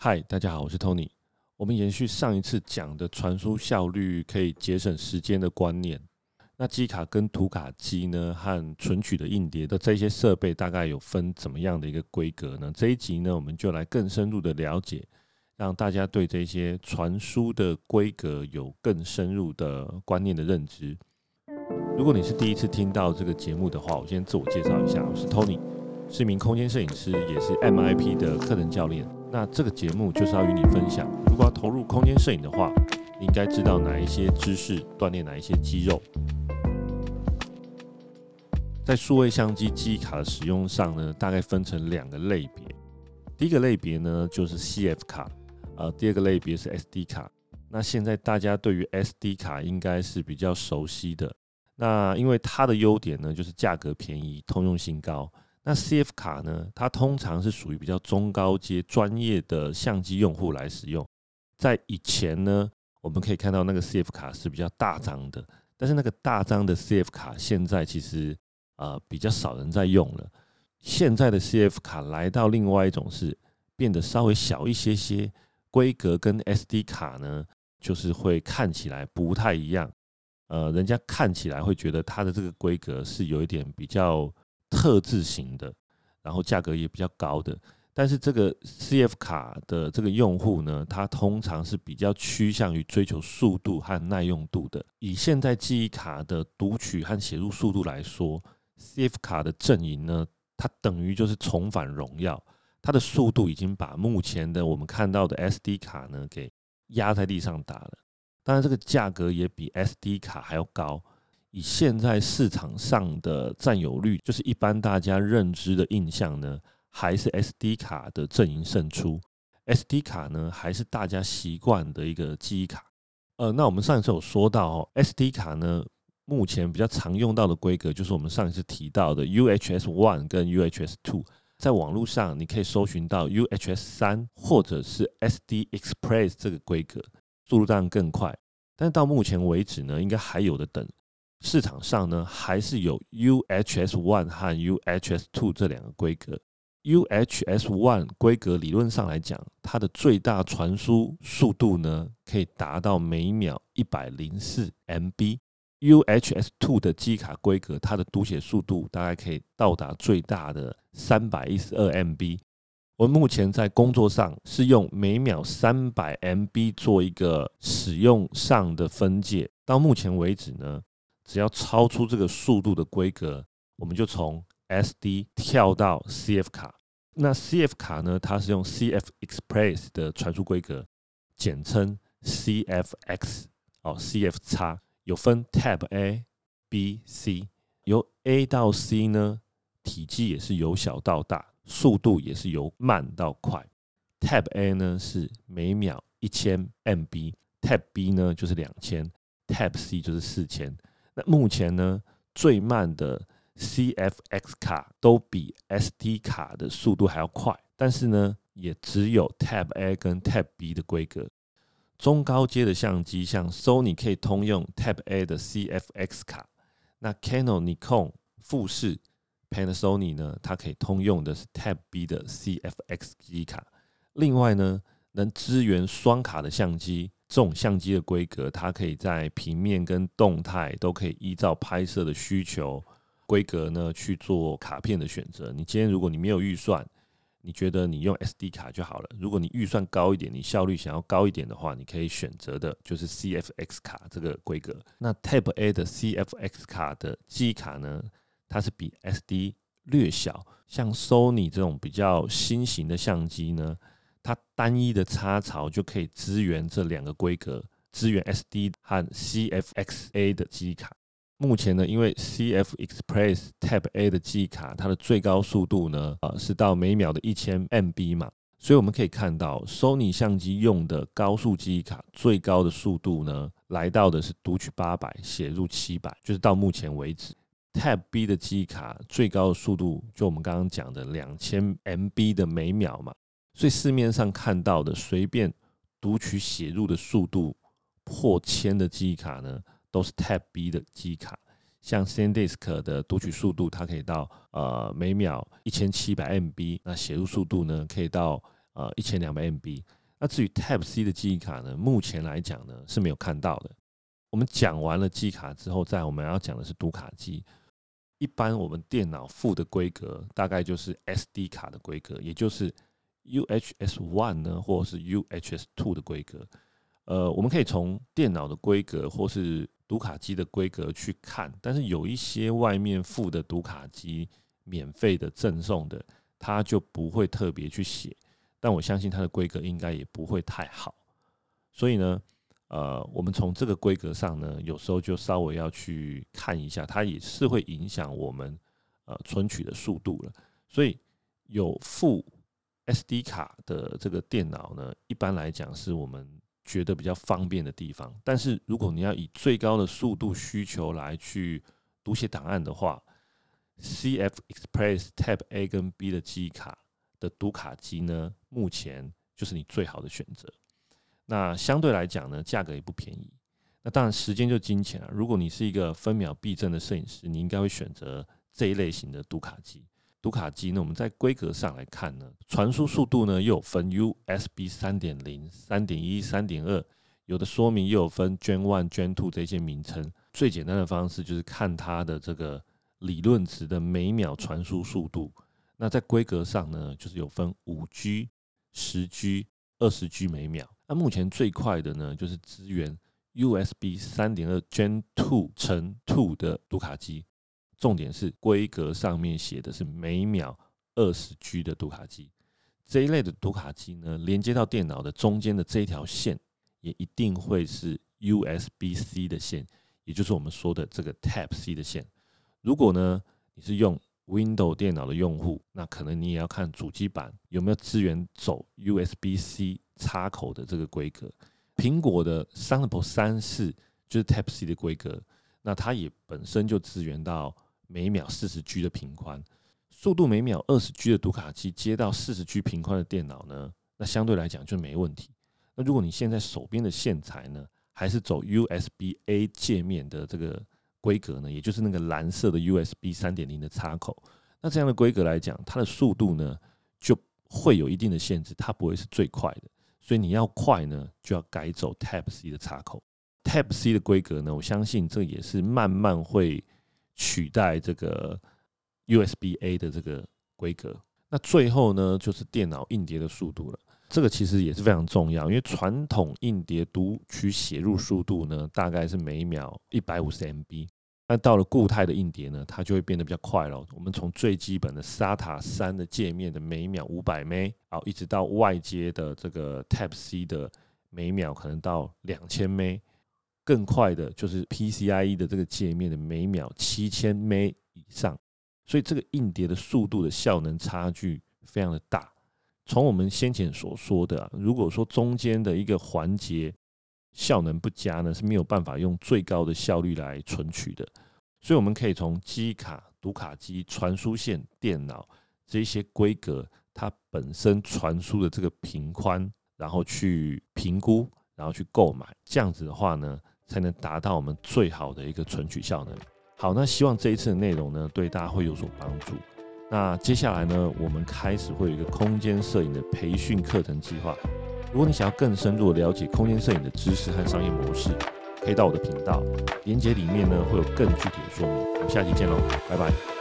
嗨，大家好，我是 Tony。我們延續上一次講的傳輸效率可以節省時間的觀念。那機卡跟圖卡機呢，和存取的硬碟的這些設備，大概有分怎麼樣的一個規格呢？這一集呢，我們就來更深入的了解，讓大家對這些傳輸的規格有更深入的觀念的認知。如果你是第一次聽到這個節目的話，我先自我介紹一下，我是 Tony，是一名空間攝影師，也是 MIP 的課程教練。那這個節目就是要與你分享，如果要投入空間攝影的話，應該知道哪一些知識，鍛鍊哪一些肌肉。在數位相機記憶卡的使用上呢，大概分成兩個類別。第一個類別呢，就是 CF 卡，呃，第二個類別是 SD 卡。那現在大家對於 SD 卡應該是比較熟悉的。那因為它的優點呢，就是價格便宜，通用性高。那 CF 卡呢，它通常是屬於比較中高階專業的相機用戶來使用。在以前呢，我們可以看到那個 CF 卡是比較大張的，但是那個大張的 CF 卡現在其實啊、呃、比較少人在用了。現在的 CF 卡來到另外一種是變得稍微小一些些，規格跟 SD 卡呢，就是會看起來不太一樣。呃，人家看起來會覺得它的這個規格是有一點比較。特製型的，然後價格也比較高的，但是這個 CF 卡的這個用戶呢，他通常是比較趨向於追求速度和耐用度的。以現在記憶卡的讀取和寫入速度來說，CF 卡的陣營呢，它等於就是重返榮耀，它的速度已經把目前的我們看到的 SD 卡呢給壓在地上打了，當然這個價格也比 SD 卡還要高。現在市場上的占有率，就是一般大家認知的印象呢，還是 SD 卡的陣營勝出？SD 卡呢，還是大家習慣的一個記憶卡？呃，那我們上一次有說到哦，SD 卡呢，目前比較常用到的規格，就是我們上一次提到的 UHS One 跟 UHS Two。在網絡上你可以搜尋到 UHS 三或者是 SD Express 這個規格，速度當然更快，但是到目前為止呢，應該還有的等。市場上呢，還是有 UHS One 和 UHS Two 這兩個規格。UHS One 規格理論上來講，它的最大傳輸速度呢，可以達到每秒一百零四 MB。UHS Two 的機卡規格，它的讀寫速度大概可以到達最大的三百一十二 MB。我目前在工作上是用每秒三百 MB 做一個使用上的分界。到目前為止呢。只要超出這個速度的規格，我們就從 SD 跳到 CF 卡。那 CF 卡呢，它是用 CF Express 的傳輸規格，簡稱 CFX 哦，CFX 有分 Tab A、B、C。由 A 到 C 呢，體積也是由小到大，速度也是由慢到快。Tab A 呢，是每秒一千 MB，Tab B 呢就是兩千，Tab C 就是四千。那目前呢，最慢的 CFX 卡都比 SD 卡的速度還要快，但是呢，也只有 Tab A 跟 Tab B 的規格。中高階的相機，像 Sony 可以通用 Tab A 的 CFX 卡，那 Canon、Nikon、富士、Panasonic 呢，它可以通用的是 Tab B 的 CFX 記憶卡。另外呢，能支援雙卡的相機，這種相機的規格，它可以在平面跟動態都可以依照拍攝的需求規格呢去做卡片的選擇。你今天如果你沒有預算，你覺得你用 SD 卡就好了。如果你預算高一點，你效率想要高一點的話，你可以選擇的就是 CFX 卡這個規格。那 Type A 的 CFX 卡的記憶卡呢，它是比 SD 略小。像 Sony 這種比較新型的相機呢。它單一的插槽就可以支援這兩個規格，支援 SD 和 CFXA 的記憶卡。目前呢，因為 CF Express Type A 的記憶卡，它的最高速度呢，呃，是到每秒的一千 MB 嘛。所以我們可以看到，Sony 相機用的高速記憶卡最高的速度呢，來到的是讀取八百，寫入七百，就是到目前為止，Type B 的記憶卡最高的速度，就我們剛剛講的兩千 MB 的每秒嘛。所以市面上看到的隨便讀取寫入的速度破千的記憶卡呢，都是 Type B 的記憶卡。像 SanDisk 的讀取速度它可以到呃，每秒一千七百 MB，那寫入速度呢，可以到呃，一千兩百 MB。那至於 Type C 的記憶卡呢，目前來講呢，是沒有看到的。我們講完了記憶卡之後，再我們要講的是讀卡機。一般我們電腦附的規格大概就是 SD 卡的規格，也就是。UHS One 呢，或是 UHS Two 的規格，呃，我們可以從電腦的規格或是讀卡機的規格去看，但是有一些外面附的讀卡機免費的贈送的，它就不會特別去寫，但我相信它的規格應該也不會太好，所以呢，呃，我們從這個規格上呢，有時候就稍微要去看一下，它也是會影響我們呃存取的速度了，所以有附。SD 卡的這個電腦呢，一般來講是我們覺得比較方便的地方。但是如果你要以最高的速度需求來去讀寫檔案的話，CF Express Type A 跟 B 的記憶卡的讀卡機呢，目前就是你最好的選擇。那相對來講呢，價格也不便宜。那當然，時間就金錢啊。如果你是一個分秒必爭的攝影師，你應該會選擇這一類型的讀卡機。讀卡機呢，我們在規格上來看呢，傳輸速度呢又有分 USB 三點零、三點一、三點二，有的說明又有分 Gen One、Gen Two 這些名稱。最簡單的方式就是看它的這個理論值的每秒傳輸速度。那在規格上呢，就是有分五 G、十 G、二十 G 每秒。那目前最快的呢，就是支援 USB 三點二 Gen Two 乘 Two 的讀卡機。重點是規格上面寫的是每秒二十 G 的讀卡機，這一類的讀卡機呢，連接到電腦的中間的這一條線，也一定會是 USB C 的線，也就是我們說的這個 Type C 的線。如果呢你是用 Windows 電腦的用戶，那可能你也要看主機板有沒有支援走 USB C 插口的這個規格。蘋果的 Thunderbolt 三四就是 Type C 的規格，那它也本身就支援到。每秒四十 G 的頻寬，速度每秒二十 G 的讀卡器接到四十 G 頻寬的電腦呢，那相對來講就沒問題。那如果你現在手邊的線材呢，還是走 USB A 介面的這個規格呢，也就是那個藍色的 USB 三點零的插口，那這樣的規格來講，它的速度呢就會有一定的限制，它不會是最快的。所以你要快呢，就要改走 Type C 的插口。Type C 的規格呢，我相信這也是慢慢會。取代這個 USB A 的這個規格，那最後呢，就是電腦硬碟的速度了。這個其實也是非常重要，因為傳統硬碟讀取寫入速度呢，大概是每秒一百五十 MB，那到了固態的硬碟呢，它就會變得比較快了。我們從最基本的 SATA 三的介面的每秒五百 MB，啊，一直到外接的這個 Type C 的每秒可能到兩千 MB。更快的就是 PCIe 的這個界面的每秒七千 M 以上，所以這個硬碟的速度的效能差距非常的大。從我們先前所說的，啊，如果說中間的一個環節效能不佳呢，是沒有辦法用最高的效率來存取的。所以我們可以從機卡、讀卡機、傳輸線、電腦這些規格，它本身傳輸的這個頻寬，然後去評估，然後去購買。這樣子的話呢？才能達到我們最好的一個存取效能。好，那希望這一次的內容呢，對大家會有所幫助。那接下來呢，我們開始會有一個空間攝影的培訓課程計劃。如果你想要更深入的了解空間攝影的知識和商業模式，可以到我的頻道鏈接裡面呢，會有更具體的說明。我們下期見嘍，拜拜。